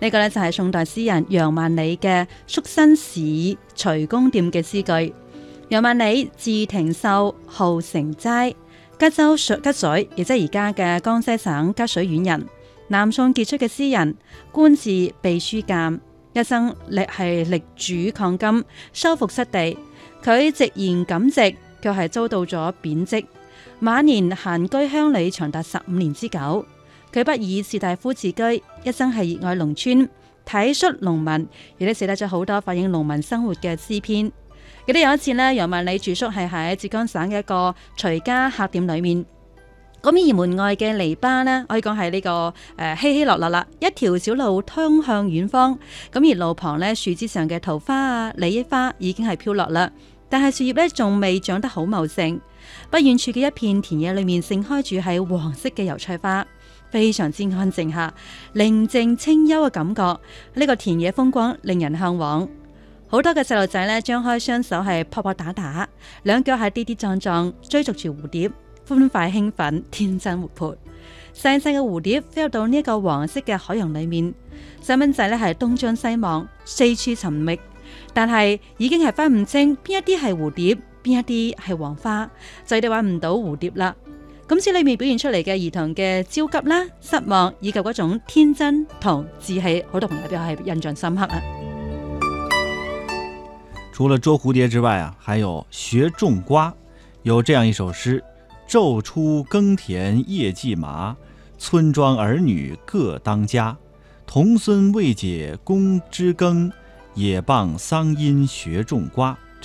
呢、這個呢，就係宋代詩人楊萬里嘅《宿新市徐公店》嘅詩句。楊萬里字廷秀，號誠齋，吉州吉水，亦即係而家嘅江西省吉水縣人。南宋傑出嘅詩人，官至祕書監，一生力係力主抗金、收復失地。佢直言敢直，卻係遭到咗貶職。晚年閒居鄉里長達十五年之久。佢不以士大夫自居，一生係熱愛農村，體恤農民，亦都寫得咗好多反映農民生活嘅詩篇。記得有一次呢，楊萬里住宿係喺浙江省嘅一個徐家客店裏面。咁而門外嘅籬笆呢，可以講係呢個誒稀稀落落啦。一條小路通向遠方，咁而路旁呢，樹枝上嘅桃花啊、梨花已經係飄落啦，但係樹葉呢仲未長得好茂盛。不遠處嘅一片田野裏面盛開住係黃色嘅油菜花。非常之安靜下，寧靜清幽嘅感覺，呢個田野風光令人向往。好多嘅細路仔呢，張開雙手係撲撲打打，兩腳係跌跌撞撞，追逐住蝴蝶，歡快興奮，天真活潑。細細嘅蝴蝶飛入到呢個黃色嘅海洋裏面，細蚊仔呢係東張西望，四處尋覓，但係已經係分唔清邊一啲係蝴蝶，邊一啲係黃花，就地揾唔到蝴蝶啦。咁詩裏面表現出嚟嘅兒童嘅焦急啦、失望以及嗰種天真同志氣，好多朋友都係印象深刻啊。除了捉蝴蝶之外啊，還有學種瓜，有這樣一首詩：晝出耕田夜績麻，村莊兒女各當家。童孫未解供耕織，也傍桑陰學種瓜。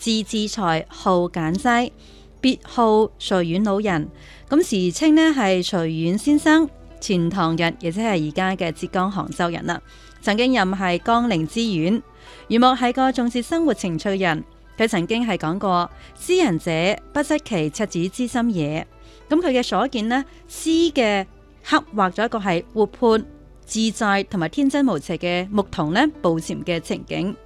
字子才，號簡齋，別號隨園老人，咁時稱呢係隨園先生，錢塘人，亦即係而家嘅浙江杭州人啦。曾經任係江寧知縣，袁枚係個重視生活情趣人，佢曾經係講過：詩人者，不失其赤子之心也。咁佢嘅所見呢，詩嘅刻畫咗一個係活潑、自在同埋天真無邪嘅牧童呢，捕蟬嘅情景。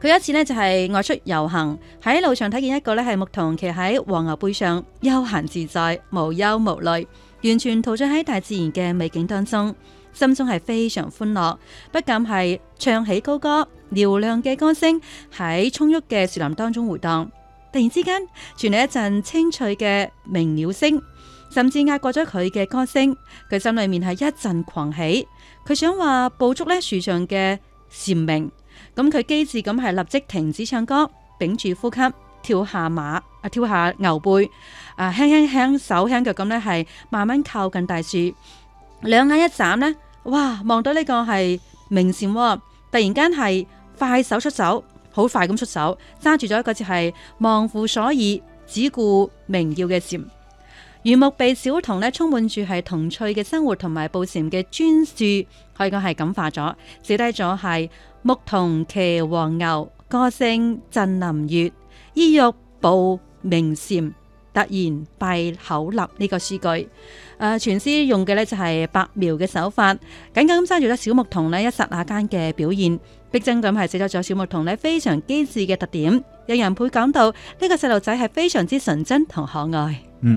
佢有一次咧，就係外出遊行，喺路上睇見一個咧係牧童騎喺黃牛背上，悠閒自在，無憂無慮，完全陶醉喺大自然嘅美景當中，心中係非常歡樂，不禁係唱起高歌，嘹亮嘅歌聲喺葱鬱嘅樹林當中回蕩，突然之間，傳嚟一陣清脆嘅鳴鳥聲，甚至壓過咗佢嘅歌聲，佢心裏面係一陣狂喜，佢想話捕捉咧樹上嘅蟬鳴。咁佢機智咁係立即停止唱歌，屏住呼吸，跳下馬，啊、跳下牛背，啊輕輕輕手輕腳咁咧係慢慢靠近大樹，兩眼一眨咧，哇，望到呢個是鳴蟬，突然間係快手出手，好快咁出手，抓住咗一個即係忘乎所以，只顧鳴叫嘅蟬。榆木被小童咧充滿住係童趣嘅生活，同埋布蟬嘅專注，可以講係感化咗寫低咗係牧童騎黃牛，歌聲振林樾，意欲捕鳴蟬，突然閉口立呢、這個詩句。誒、呃，全詩用嘅呢就係白描嘅手法，緊緊咁揸住咗小牧童咧一剎那間嘅表現，逼真咁係寫咗咗小牧童咧非常機智嘅特點，讓人倍感到呢個細路仔係非常之純真同可愛。嗯。